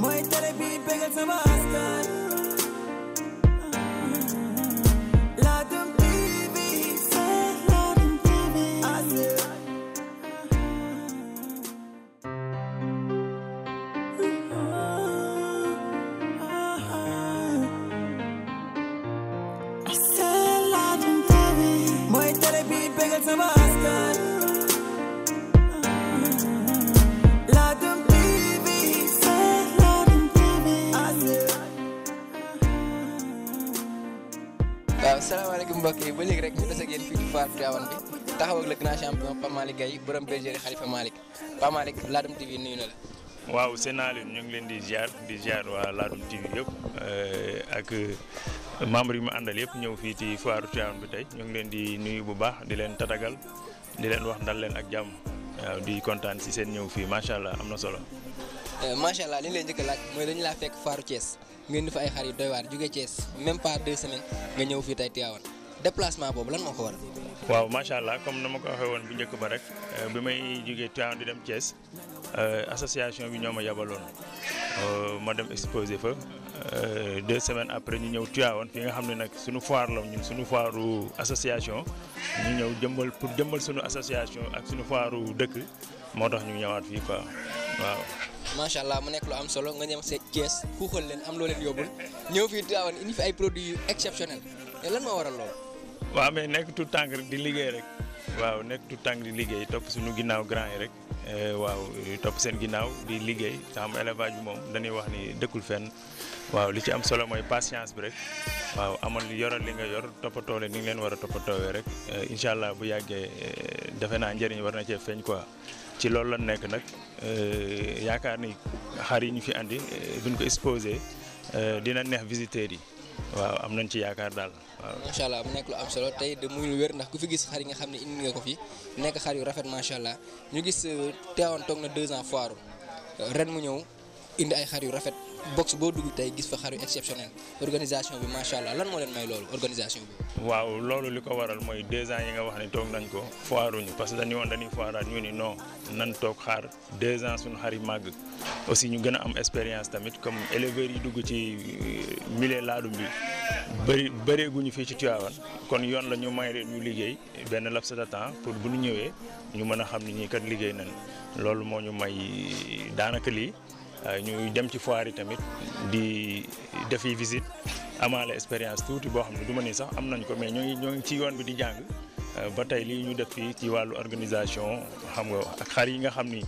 mooy tere bi bëggal sama askan plateforme bi taxaw ak le grand champion Pape Malick Gueye borom bergerie Khalifa Malick Pape Malick Ladoum TV nuyu na la. waaw Sénalune ñu ngi leen di ziar di ziar waa Ladoum TV yëpp eh, ak eh, membre yu mu àndal yëpp ñëw fii ci foire Tivaouane bu tey ñu ngi leen di nuyu bu baax di leen tatagal di leen wax ndal leen ak jàmm di kontaan si seen ñëw fii macha allah am na solo. Eh, macha allah li ñu lay a laaj mooy dañu laa fekk foire Thiès ngeen di fa ay xar doy waar jóge Thiès même pas deux semaines fii tey Tivaouane déplacement boobu lan waaw macha allah comme na ma ko waxee woon bu njëkk ba rek euh, bi may jógee Tivaouane di dem Thiès euh, association bi ñoo ma yabaloon euh, ma dem exposé fa deux semaines après ñu ñëw Tivaouane fi nga xam ne nag suñu foir la ñun suñu foiru association ñu ñëw jëmbal pour jëmbal suñu association ak suñu foiru dëkk moo tax ñu ñëwaat fii quoi waaw. macha allah mu nekk lu am solo nga ñëw seet Thiès kuuxal leen am loo fii Tivaouane indi fi ay produits yu exceptionnels lan moo waral loolu. waaw mais nekk tout tànk di liggéey rek waaw nekk tout tànk di liggéey topp suñu ginnaaw grand yi rek eh, waaw eh, topp seen ginnaaw di liggéey te am élevage bi moom dañuy wax ni dëkkul fenn waaw li ci am solo mooy patience bi rek waaw amal yoral li nga yor toppatoo leen ni ngi leen war a toppatoowee rek eh, incha allah bu yàggee defe naa njëriñ war na cee feeñ quoi ci loolu la nekk nag yaakaar ni xar yi ñu fi andi buñ ko exposé dina neex visiteurs yi. waaw am nañ ci yaakaar daal waaw. macha allah mu nekk lu am solo tey de muy lu wér ndax ku fi gis xar yi nga xam ne indi nga ko fi nekk xar yu rafet macha allah ñu gis euh, teewoon toog na deux ans foiru ren mu ñëw indi ay xar yu rafet box boo dugg tey gis fa xaru exceptionnel organisation bi macha allah lan moo leen may loolu organisation bi. waaw loolu li ko waral mooy deux ans yi nga wax ne toog nañ ko foiruñu parce que dañu woon dañuy foiraat ñu ni no nan toog xaar deux ans suñu xar yi màgg aussi ñu gën a am expérience tamit comme éleveurs yi dugg ci euh, milieu laadum bi bëri bëreeguñu fii ci Tivaouane kon yoon la ñu may ñu liggéey benn laps de temps pour bu ñu ñëwee ñu mën a xam ni ñii kat liggéey nañ loolu moo ñu may euh, daanaka lii. Euh, ñuy dem ci foire yi tamit di defi visite amaale expérience tuuti boo xam ne du ma ni sax am nañ ko mais ñoo ñoo ngi ci yoon bi di jàng euh, ba tey lii ñu def ci wàllu organisation xam nga ak xar yi nga xam ni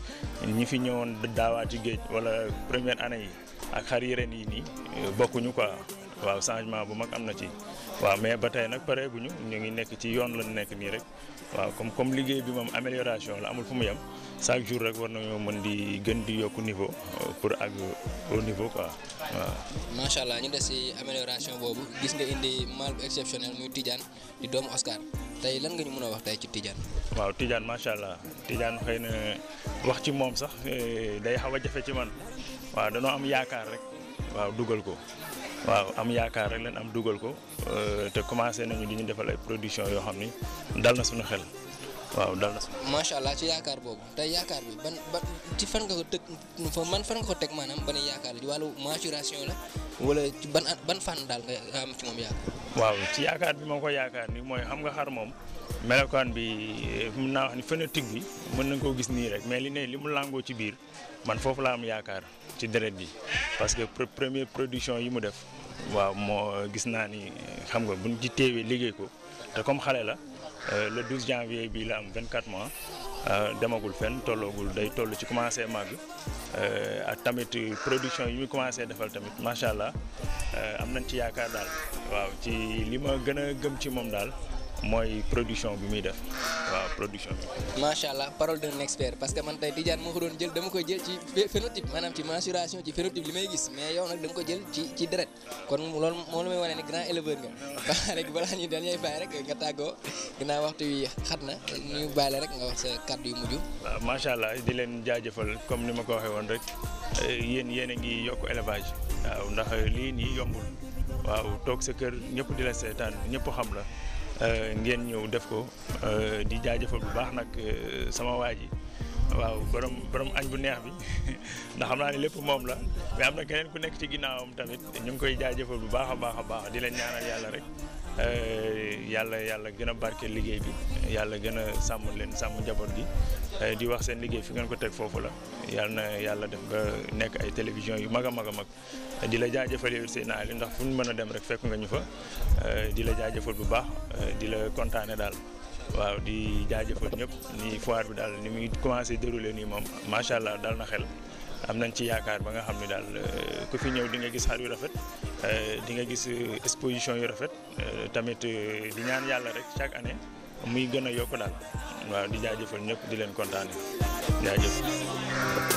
ñi fi ñëwoon daawaat ci géej wala première année yi ak xar yi ren yi nii bokkuñu quoi. waaw changement bu mag am na ci waaw mais ba tey nag pareeguñu ñu ngi nekk ci yoon lañu nekk nii rek waaw comme comme liggéey bi moom amélioration la amul fu mu yem chaque jour rek war nañoo mën di gën di yokku niveau euh, pour ak au niveau quoi waaw. macha allah ñu des si amélioration boobu gis nga indi mal bu exceptionnel muy Tidiane di doomu Oscar tey lan nga ñu mën a wax tey ci Tidiane. waaw Tidiane macha allah Tidiane xëy na wax ci moom sax eh, day xaw a jafe ci man waaw danoo am yaakaar rek waaw dugal ko. waaw am yaakaar rek leen am dugal ko euh, te commencé nañu di ñu defal ay production yoo xam ni dal na suñu xel waaw dal na suñu. macha allah ci yaakaar boobu te yaakaar bi ci fan nga teg fa man ko teg maanaam ban yaakaar ci wàllu maturation wala ban ban fànn daal waaw ci yaakaar bi ma ko yaakaar ni mooy xam nga xar moom. melokaan bi eh, mën naa wax ni phénotype bi mën nañ koo gis nii rek mais li ne li mu làngoo ci biir man foofu laa am yaakaar. ci deret bi parce que première production yi mu def waaw moo gis naa ni xam nga buñ ci téewee liggéey ko te comme xale la euh, le 12 janvier bi la am 24 mois euh, demagul fen tolloogul day toll ci commencé màgg euh, ak tamit production yi mu commencé defal tamit macha allah am nañ ci yaakaar daal waaw ci li ma gën a gëm ci moom daal mooy production bi muy def waaw production bi. macha allah parole d'un expert parce que man tey Tidiane moo ko doon jël dama koy jël ci phénotype maanaam ci mensuration ci phénotype li may gis mais yow nag dama ko jël ci ci deret kon loolu moo la may wane ni grand éleveur nga ba léegi balaa ñuy dañuy bàyyi rek nga tàggoo dinaa waxtu wi xat na ñu bàyyi la rek nga wax sa kàddu yu mujj. waaw macha allah di leen jaajëfal comme ni ma ko waxee woon rek yéen yéen a ngi yokk élevage waaw ndax lii nii yombul waaw toog sa kër ñëpp di la seetaan ñëpp xam la. Euh, ngeen ñëw def ko euh, di jaajëfal bu baax nag euh, sama waa ji waaw borom borom añ bu neex bi ndax xam naa ne lépp moom la mais am na keneen ku nekk ci ginnaawam tamit ñu ngi koy jaajëfal bu baax a baax a baax di leen ñaanal yàlla rek. Eh, yàlla yàlla gën a barke liggéey bi yàlla gën a sàmm leen sàmm njaboot gi eh, di wax seen liggéey fi ngeen ko teg foofu la yàlla na yàlla def ba nekk ay télévision yu mag a mag a mag di la jaajëfal yow Seydina Aliou ndax fu ñu mën a dem rek fekk nga ñu fa eh, di la jaajëfal bu baax di la kontaane daal waaw di jaajëfal ñëpp nii foire bi daal ni muy commencé déroulé nii moom macha allah dal na xel. am nañ ci yaakaar ba nga xam ne daal euh, ku fi ñëw di nga gis xar yu rafet euh, di nga gis euh, exposition yu rafet tamit di ñaan yàlla rek chaque année muy gën a yokk daal waaw di jaajëfal ñëpp di leen kontaane jaajëf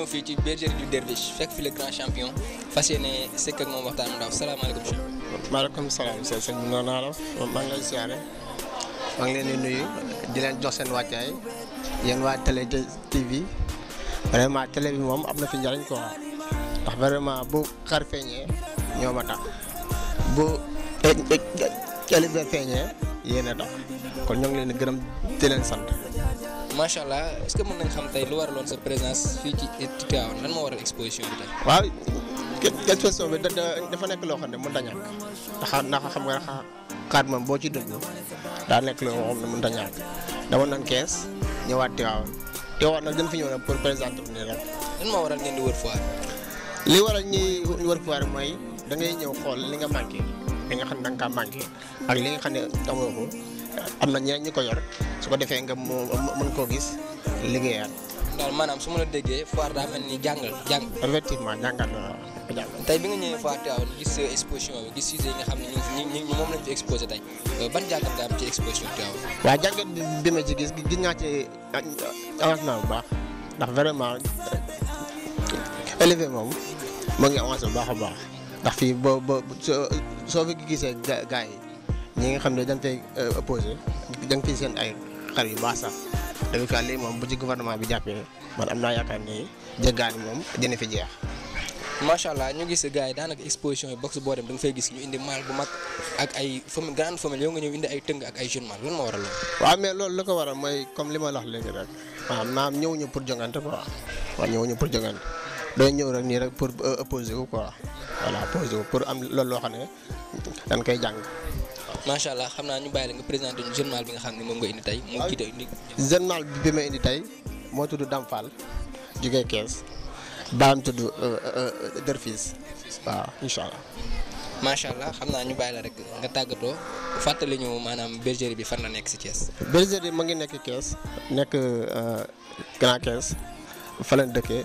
ñëw fii ci bergerie du derviche fekk fi le grand champion fas yéene sekk ak moom waxtaan mu ndaw salaamaaleykum champion. maaleykum salaam sëñ sëñ bi noonu naa maa ngi lay maa ngi leen di nuyu di leen jox seen wàccaay yéen waa télé TV vraiment télé bi moom am na fi njariñ quoi ndax vraiment bu xar feeñee ñoo ma tax bu télé e, e, e, bi feeñee yéen a tax kon ñoo ngi leen di gërëm di leen sant. macha allah est-ce que mën nañ xam tey lu waraloon sa présence fii ci Tivaouane lan moo waral exposition bi tey. waaw exposition dafa nekk loo xam ne mënut a ñàkk ndax xam nga xaat moom boo ci dugg daa nekk loo xam ne mënut a ñàkk dama naan kees ñëwaat Tivaouane Tivaouane nag dañ fi ñëw nag pour présenter nii rek. lan moo waral ngeen di wër foire. li waral ñuy wër foire mooy da ngay ñëw xool li nga manqué li nga xam ne da nga kaa manqué ak li nga xam ne amoo ko. am na ñeneen ñi ko yor su ko defee nga mu mën koo gis liggéeyaat. daal maanaam su ma la déggee foire daa mel ni jàngal jàng. effectivement jàngal la waaw. tey bi nga ñëwee foire gis exposition bi gis sujet yi nga moom lañ fi exposé tey euh, ban jàngat nga am ci exposition Tivaouane. waaw jàngat bi ma ci gis gis naa ci avancement bu baax ndax vraiment élevé moom mu ngi avancé bu baax a baax ndax fii boo boo soo fi gisee gaa yi. ñi nga xam ne dañ tey euh, opposé dañ ciy seen ay xar yu baax sax danga fi lii moom bu ci gouvernement bi jàppee man am naa yaakaar ne jéggaani moom dana fi jeex. macha allah ñu gis gars yi daanaka exposition yi box boo da nga fay gis ñu indi maal bu mag ak ay famille grande famille yow nga ñëw indi ay tëng ak ay jeune maal lan moo waral loolu. waaw mais loolu la ko waral mooy comme li ma la wax léegi rek waaw maam ñëwuñu pour jongante quoi waaw ñëwuñu pour jongante day ñëw rek nii rek pour euh, opposé wu quoi voilà pour am loolu loo xam ne dañ koy jàng. macha allah xam naa ñu bàyyi la nga présenté ñu journal bi nga xam ne moom nga indi tey moo moo tudd Dame Fall jugee Kees baam tudd euh, euh, euh, Derfis waaw incha allah. macha allah xam naa ñu bàyyi la rek nga tàggatoo fàttali ñu maanaam bergerie bi fan la nekk si Thiès. bergerie mu ngi nekk Kees nekk Grand Kees fa lañ dëkkee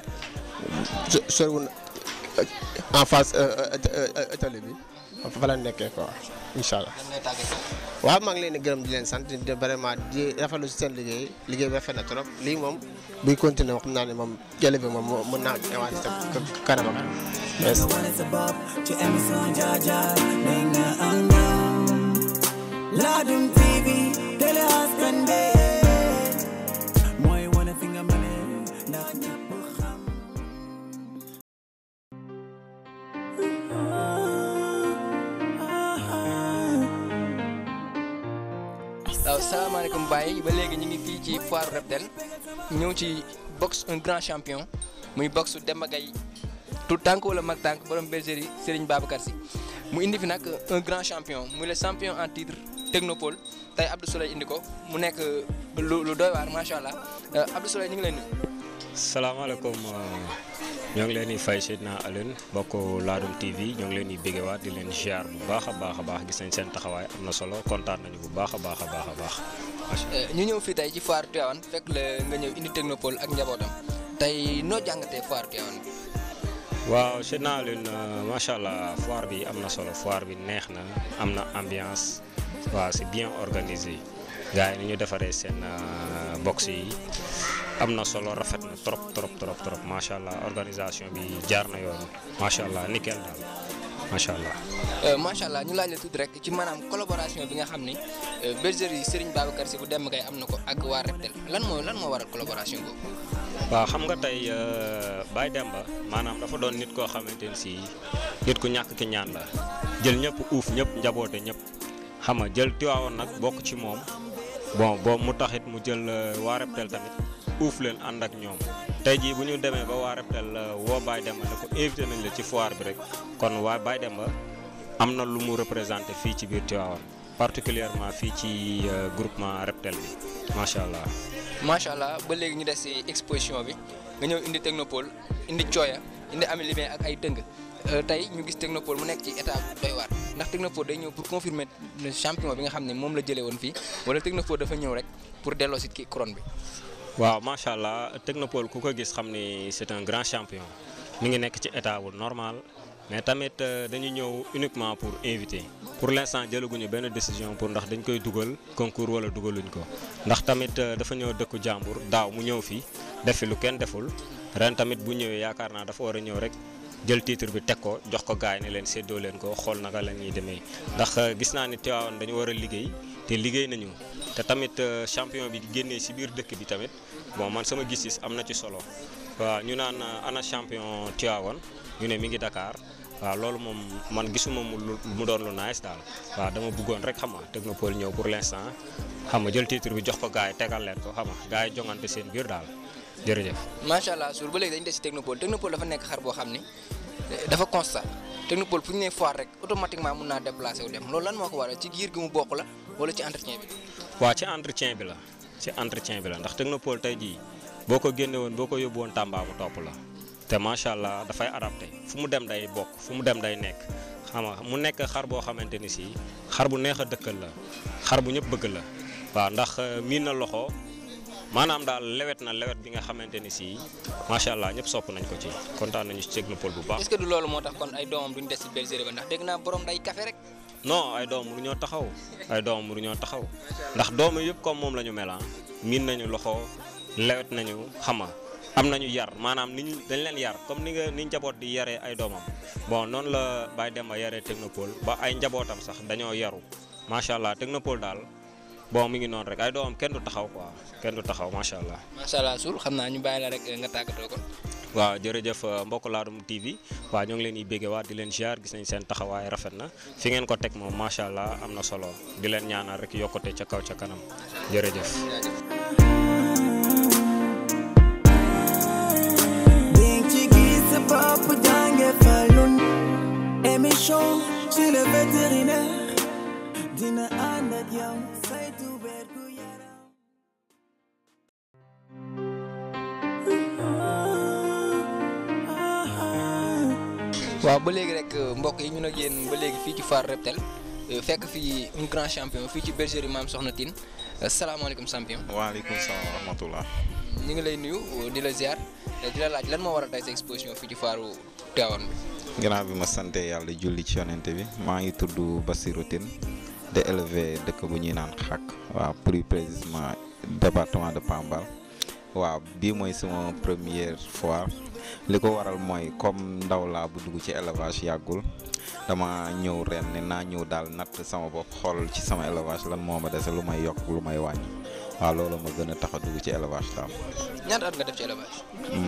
soriwul en face tali bi. fa la nekkee quoi incha allah. waaw maa ngi leen di gërëm di leen sant di vraiment di rafetlu si seen liggéey liggéey bi rafet na trop lii moom buy continuer wax naa ni moom jële bi moom mën naa ñëwaat si sa kanamam. merci. Ladoum ba léegi ñu ngi fii ci foire Rap ñëw ci boxe un grand champion muy boxe Demba Gaye tout tànk wala mag tànk borom bergerie Serigne Babacar Sy mu indi fi nag un grand champion muy le champion en titre technopole tey Abdou Souleye indi ko mu nekk lu lu doy waar macha allah euh, Abdou Souleye ñu ngi leen nuyu. salaamaaleykum euh, ñoo ngi leen di fay Seydina Alioune bokk Ladoum TV ñoo ngi leen di béggewaat di leen ziar bu baax a baax a baax gis nañ seen taxawaay am na solo kontaan nañu bu baax a baax a baax a baax. ñu ñëw fii tey ci foire Tivaouane fekk la nga ñëw indi technopole ak njabootam tey noo jàngatee foire Tivaouane bi. waaw sëñ Alioune euh, macha allah foire bi am na solo foire bi neex na am na ambiance waaw c'est bien organisé gars yi ni ñu defaree seen euh, box yi am na solo rafet na trop trop trop trop macha allah organisation bi jaar na yoon macha allah nickel daal. macha allah. Euh, macha allah ñu laaj la tuuti rek ci maanaam collaboration bi nga xam ni euh, bergerie Serigne Babacar Sy bu dem kay am na ko ak waa Reptel lan moo lan moo waral collaboration boobu. waa xam nga tey euh, Baye Demba maanaam dafa doon nit koo xamante ne si nit ku ñàkk ki ñaan la jël ñëpp uuf ñëpp njaboote ñëpp xam nga jël Tiwaawoon nag bokk ci moom bon boobu mu taxit mu jël waa Reptel tamit. uuf leen ànd ak ñoom tey jii bu ñu demee ba waa Reptel euh, woo Baye Demba ne ko invité nañ la ci foir bi rek kon waa baay dem Demba am na lu mu représenté fii ci biir Tivaouane particulièrement fii ci euh, groupement Reptel bi macha allah. macha allah ba léegi ñu des si exposition bi nga ñëw indi technopole indi cooya indi ami limin ak ay tëng euh, tey ñu gis technopole mu nekk ci état doy waar ndax technopole day ñëw pour confirmer le champion bi nga xam ne moom la jëlee woon fii wala technopole dafa ñëw rek pour delloo kii couronne bi. waaw macha allah technopole ku ko gis xam ni c'est un grand champion mi ngi nekk ci état wu normal mais tamit euh, dañu ñëw uniquement pour invité pour l'instant jëlaguñu benn décision pour ndax dañ koy dugal concours wala dugaluñu ko ndax tamit euh, dafa ñëw dëkku jàmbur daaw mu ñëw fi def fi lu kenn deful ren tamit bu ñëwee yaakaar naa dafa war a ñëw rek. jël titre bi teg ko jox ko gaay ne leen séddoo leen ko xool naka la ñuy demee ndax euh, gis naa ni te dañu war a liggéey te liggéey nañu te tamit euh, champion bi génnee si biir dëkk bi tamit bon man sama gis-gis am na ci solo waaw ñu naan euh, ana champion Tivaouane ñu ne mi ngi dakaar waaw loolu moom man gisuma mu doon lu nice daal waaw dama buggoon rek xam nga Technopole ñëw pour l'instant xam nga jël titre bi jox ko gars yi tegal leen ko xam nga gars yi jongante seen biir daal jërëjëf. macha allah suur ba léegi dañu des si Technopole Technopole dafa nekk xar boo xam ne dafa constat Technopole fu ñu nee foire rek automatiquement mun naa déplacé wu dem loolu lan moo ko waral ci giir gi mu bokk la. wala ci entretien bi. waaw ci entretien bi la ci entretien bi la ndax technopole tey jii boo ko génne woon boo ko yóbbu woon Tamba bu topp la te macha allah dafay adapté fu mu dem day bokk fu mu dem day nekk xam mu nekk xar boo xamante ni si xar bu neex a dëkkal la xar bu ñëpp bëgg la waaw ndax euh, miin na loxo. maanaam daal lewet na lewet bi nga xamante ni si macha allah ñëpp sopp nañ ko ci kontaan nañu ci Technopole bu baax. est-ce que du loolu moo tax kon ay doomam duñ des ci bergerie ba ndax dégg naa borom rek. no ay doom ñoo taxaw ay ru ñoo taxaw ndax doom yëpp comme moom la ñu mel ah, miin nañu loxo lewet nañu xama am nañu yar maanaam ni ñu dañ leen yar comme ni nga ni njaboot di yaree ay doomam bon noonu la Baye Demba yaree technopole ba ay njabootam sax dañoo yaru macha allah technopole daal bon mi ngi noonu rek ay doomam kenn du taxaw quoi kenn du taxaw macha allah. macha allah xam naa ñu bàyyi la rek nga tàggatoo ko. waaw jërëjëf euh, mbokk Ladoum TV waaw ñoo ngi leen yi béggee waat di leen ziar gis nañ seen taxawaay rafet na fi ngeen ko teg moom macha allah am na solo di leen ñaanal rek yokkute ca kaw ca kanam jërëjëf waa ba léegi rek euh, mbokk yi ñun ak génn ba léegi fii ci Foire Reptel euh, fekk fii un grand champion fii ci bergerie Maam Soxna Tine euh, salaamaaleykum champion. waaleykum salaam wa rahmatullah. ñu ngi lay nuyu di la ziar di la laaj lan moo war a tey sa exposition fii ci Foire Tivaouane bi. ginnaaw bi ma sante yàlla julli ci yonente bi maa ngi tudd Bassirou Tine de élevé dëkk bu ñuy naan xàq waaw plus précisément département de Pambal waaw bii mooy sama première foire. li ko waral mooy comme ndaw laa bu dugg ci élevage yàggul dama ñëw ren ne naa ñëw daal natt sama bopp xool ci sama élevage lan moo ma dese lu may yokk lu may wàññi waaw loolu ma gën a tax a dugg ci élevage daal. ñaata at nga def ci élevage.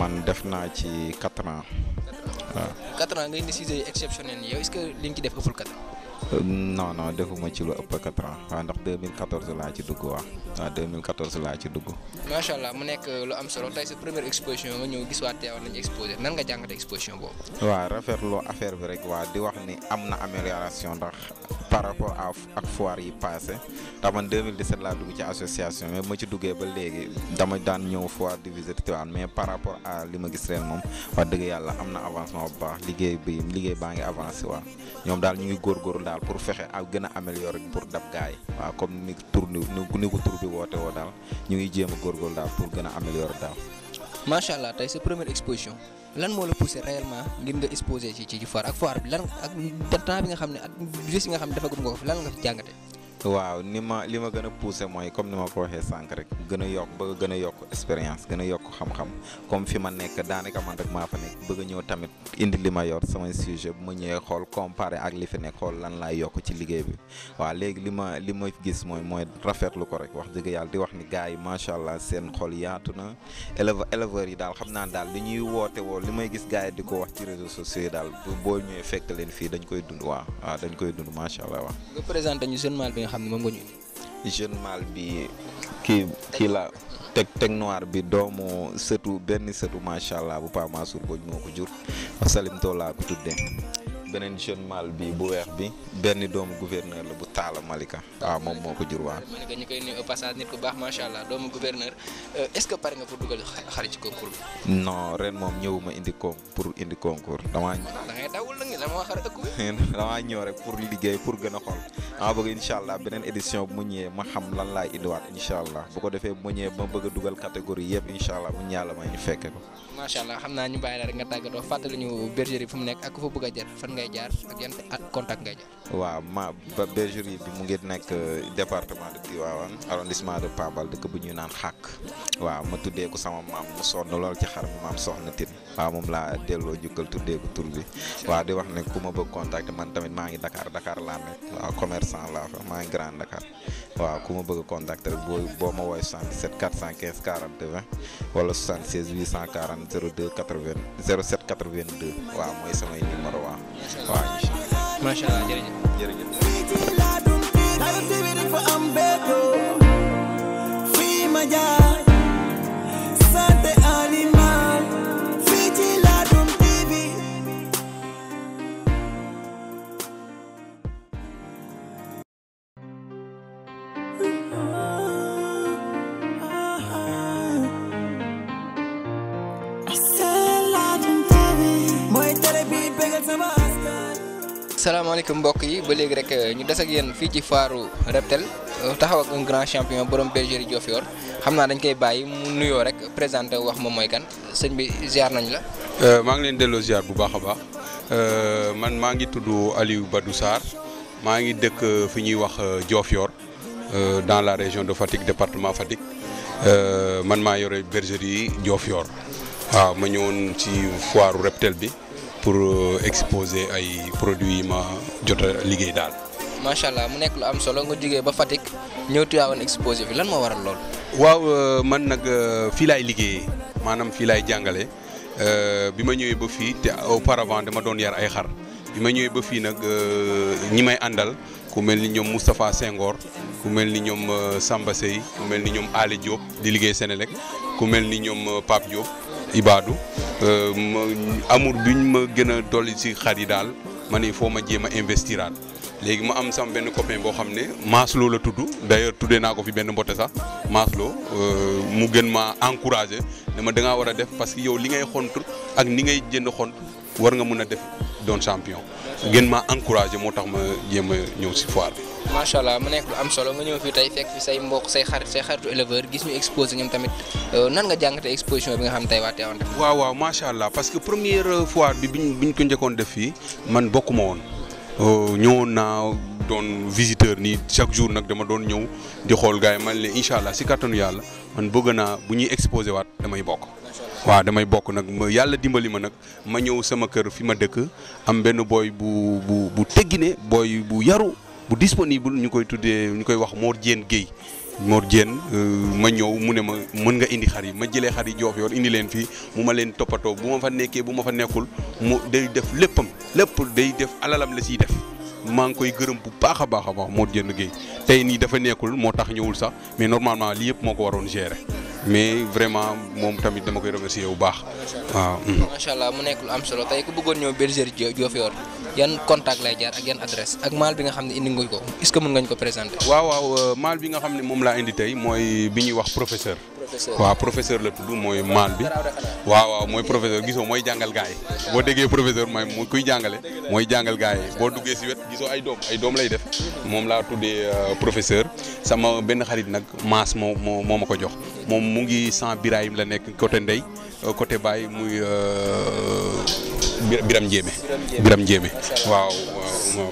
man def naa ci quatre ans. quatre ans quatre ans nga indi exceptionnel yow est que li nga ci def ëppul quatre ans non non defuma ci lu ëpp quatre ans waaw ndax 2014 laa ci dugg waaw waaw 2014 laa ci dugg. macha allah mu nekk lu am solo tey sa première exposition nga ñëw gis waa teewaat nañu exposé nan nga jàngate exposition boobu. waaw rafetlu affaire bi rek waa di wax ni am na amélioration ndax. par rapport à ak foire yi passé ndax man 2017 laa dugg ci association mais ma ci duggee ba léegi dama daan ñëw foire di visite Tivaouane mais par rapport à li ma gis ren moom wax dëgg yàlla am na avancement bu baax liggéey bi liggéey baa ngi avancé waa ñoom daal ñu ngi góorgóorlu daal pour fexe ak gën a améliorer pour dab gaay waaw comme ni tur ni ni ko tur bi woote woo daal ñu ngi jéem a góorgóorlu daal pour gën a améliorer daal. macha allah tey sa lan moo la poussé réellement ngir nga exposé ci ci foire ak foire bi lan temps bi nga xam ne ak nga xam ne defagum nga ko lan nga fi jàngate waaw ni ma li ma gën a poussé mooy comme ni ma ko waxee sànq rek gën a yokk bëgg gën a yokk expérience gën a yokk xam-xam comme fi ma nekk daanaka man rek maa fa nekk bëgg ñëw tamit indi li ma yor samay sujet bu ma ñëwee xool comparé ak li fi nekk xool lan laa yokk ci liggéey bi waaw léegi li ma li ma gis mooy mooy rafetlu ko rek wax dëgg yàlla di wax ni gars yi macha allah seen xol yaatu na élève éleveurs yi daal xam naa daal li ñuy woote woo li may gis gars yi di ko wax ci réseaux sociaux daal boo ñëwee fekk leen fii dañ koy dund waaw dañ koy dund macha allah waaw nga xam ne moom nga ñu jeune mal bi kii kii la teg teg noir bi doomu sëtu benn sëtu macha allah bu Pa Mansour Mbodj moo ko jur Salim Tola ko tuddee. beneen jeune mal bi bu weex bi benn doomu gouverneur la bu Talla Malika waaw ah, moom moo ko jur waa Malika ñu koy nuyu au passage nit ku baax macha allah doomu gouverneur euh, est-ce que pare nga pour dugal xar ci concours bi. non ren moom ñëwuma indi ko pour indi concours damaa. Ah, da ngay dawul nag dama xar ëpp. damaa ñëw rek pour liggéey pour gën a xool. dama bëgg incha allah beneen édition bu mu ñëwee ma xam lan laay indiwaat incha allah bu ko defee bu mu ñëwee ma bëgg dugal catégorie yëpp incha allah bu ñu yàlla may ñu fekke naa ñu bàyyi la rek nga tàggatoo fàttali ñu fu mu nekk ak ku fa bëgg a jar fan ngay jaar ak yan ak contact ngay ma ba bergerie bi mu ngi nekk euh, département de Tivaouane arrondissement de Pambal dëkk bu ñuy naan xàkk waaw ma tuddee ko sama maam mu sonn lool ci xar mi maam soxna tin waaw moom laa delloo jukkal tuddee ko tur bi waaw di wax ne ku ma bëgg contacter man tamit maa ngi Dakar Dakar laa nekk waaw commerce 400 laa fa maa ngi Grand Dakar waaw ku ma bëgg a contacter rek boo boo ma woowee 77 415 40 20 wala 76 840 02 80 07 82 waaw mooy samay numéro waaw. waaw incha allah macha allah jërëjëf jërëjëf. salaamaaleykum mbokk yi ba léegi rek euh, ñu des ak yéen fii ci foiru Reptel euh, taxaw ak un grand champion borom bergerie Diofior xam naa dañ koy bàyyi mu nuyoo rek présenté wax moom mooy kan sëñ bi ziar nañ la. Euh, maa ngi leen delloo ziar bu baax a baax man maa ngi tudd ba Badou Sarr maa ngi dëkk fi ñuy wax Diofior dans la région de Fatick département Fatick man maa yore bergerie Diofior waaw ma ñëwoon ci foiru Reptel bi. pour euh, exposé ay produits yi ma jot a liggéey daal. macha allah mu nekk lu am solo nga jógee ba Fatick ñëw Tivaouane exposé fi lan moo waral lool. waaw euh, man nag euh, fii laay liggéeyee maanaam fii laay jàngale bi ma ñëwee ba fii te auparavant dama doon yar ay xar bi ma ñëwee ba fii nag ñi may àndal ku mel ni ñoom Moustapha Senghor ku mel ni ñoom Samba Sey ku mel ni ñoom Ali Diop di liggéey Senelec ku mel ni ñoom Pape Diop. Ibadou euh, amur biñ ma gën a dolli si xar yi daal ma ne foo ma jéem a investiraat léegi ma am sama benn copain boo xam ne Maslo la tudd d'ailleurs tuddee naa ko fi benn mbote sax Maslo euh, mu gën ma encouragé dama ma da war a def parce que yow li ngay xont ak ni ngay jënd xont war nga mun a def doon champion. gën ma encouragé moo tax ma jéem a ñëw si foire bi. macha allah ma nekk lu am solo nga ñëw fii tey fekk fi say mbokk say xarit say xaritu éleveur gis ñu exposé ñoom tamit euh, nan nga jàngatee exposition bi nga xam tey waa Tivaouane def waaw waaw que première fois bi biñ ko njëkkoon def fii man bokkuma woon euh, ñëwoon naa doon visiteur nii chaque jour nag dama doon ñëw di xool man leen incha allah si kattanu yàlla man bëgg naa bu ñuy exposé waat damay bokk. waaw damay bokk nag ma yàlla dimbali ma nag ma ñëw sama kër fi ma dëkk am benn booy bu bu bu teggine booy bu yaru. bu disponible ñu koy tuddee ñu koy wax Mor Diène Guèye Mor Diène euh, ma ñëw mu ne ma mën nga indi xar yi ma jëlee xar yi joof yoor indi leen fii mu ma leen toppatoo bu ma fa nekkee bu ma fa nekkul mu day def léppam lépp day def alalam la siy def maa ngi koy gërëm bu baax a baax a baax Mor Diène Guèye tey nii dafa nekkul moo tax ñëwul sax mais normalement lii yëpp moo ko waroon gérer. mais vraiment moom tamit dama koy remercier bu baax. waaw mm. macha allah mu nekk lu am solo tey ku bëggoon ñëw bergerie Diofior yan contact lay jaar ak ak maal bi nga xam ne indi nga ko est que mën nga ñu ko présenter. waaw waaw euh, maal bi nga xam ne moom laa indi tey mooy bi ñuy wax professeur. waaw professeur la tudd mooy maal bi waaw waaw mooy professeur gisoo mooy jàngal gaay yi boo déggee professeur mooy mu kuy jàngale mooy jàngal gaay boo duggee si wet gisoo ay doom ay doom lay def moom laa tuddee euh, professeur sama benn xarit nag maas moo moo ma ko jox moom mu ngi sant Birahim la nekk côté ndey euh, côté baay muy Biram Njéeme Biram Njéeme waaw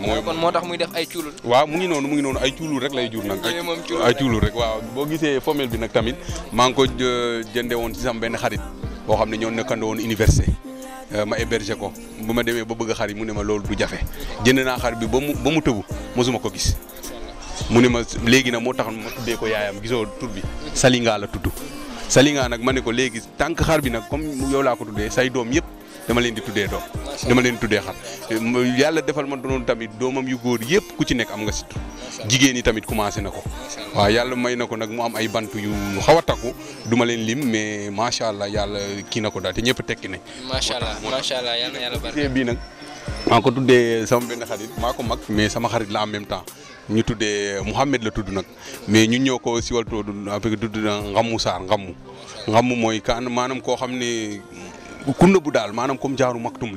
waaw kon moo tax muy def ay cuulul waaw mu ngi noonu mu ngi noonu ay cuulul rek lay jur nag ay cuulul rek waaw boo gisee femelle bi nag tamit maa ngi ko euh, jënde woon ci sama benn xarit boo xam ne ñoo nekkandoo woon université euh, ma héberger ko bu ma demee ba bëgg xar yi mu ne ma loolu du jafe jënd naa xar bi ba mu ba mu tëbu mosuma ko gis mu ne ma léegi nag moo tax ma tuddee ko yaayam gisoo tur bi Salinga la tudd Salinga nag ma ne ko léegi tànk xar bi nag comme yow laa ko say doom yëpp dama leen di tuddee doom dama leen tuddee xar yàlla defal ma doon tamit doomam yu góor yëpp ku ci nekk am nga si tur jigéen ñi tamit commencé na ko waaw yàlla may na ko nag mu am ay bant yu xaw a takku du ma leen lim mais macha allah yàlla kii na ko daal te ñëpp tekki nañ. macha allah macha allah yàlla yàlla nag. maa ko tuddee sama benn xarit maa ko mag mais sama xarit la am même temps ñu tuddee Mouhamed la tudd nag mais ñu ñëw ko siwal too avec tudd na Ngamou Sarr Ngamou Ngamou mooy kaan maanaam koo xam ne ku nëbbu daal maanaam comme jaaru maktum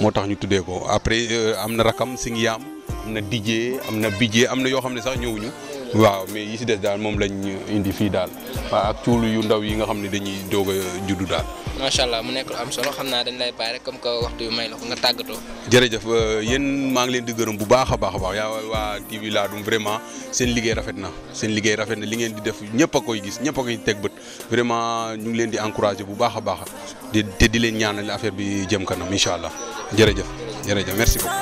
moo tax ñu tuddee ko après euh, am na rakam si ngi yaam am na dijee am na bijee am na yoo xam ne sax ñëwuñu waaw mais yi si des daal moom lañ indi fii daal waaw ak cuul yu ndaw yi nga xam ne dañuy doog a juddu daal. macha allah mu nekk lu am solo xam naa dañ lay bàyyi rek comme que waxtu yu may la ko nga tàggatoo. jërëjëf euh, yéen maa ngi leen di gërëm bu baax a baax a baax yaa waa TV Ladoum vraiment seen liggéey rafet na seen liggéey rafet na li ngeen di def ñëpp a koy gis ñëpp a koy teg bët vraiment ñu ngi leen di encouragé bu baax a baax di te di leen ñaanal affaire bi jëm kanam incha allah jërëjëf. jërëjëf merci beaucoup.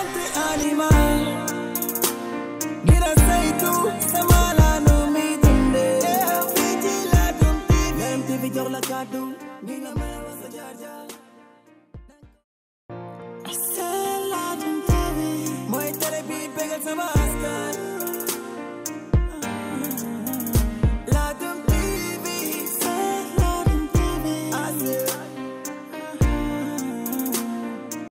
gàddu ni nga mel wa sa jaar jaar I said love and baby mooy tere bi bëggal sama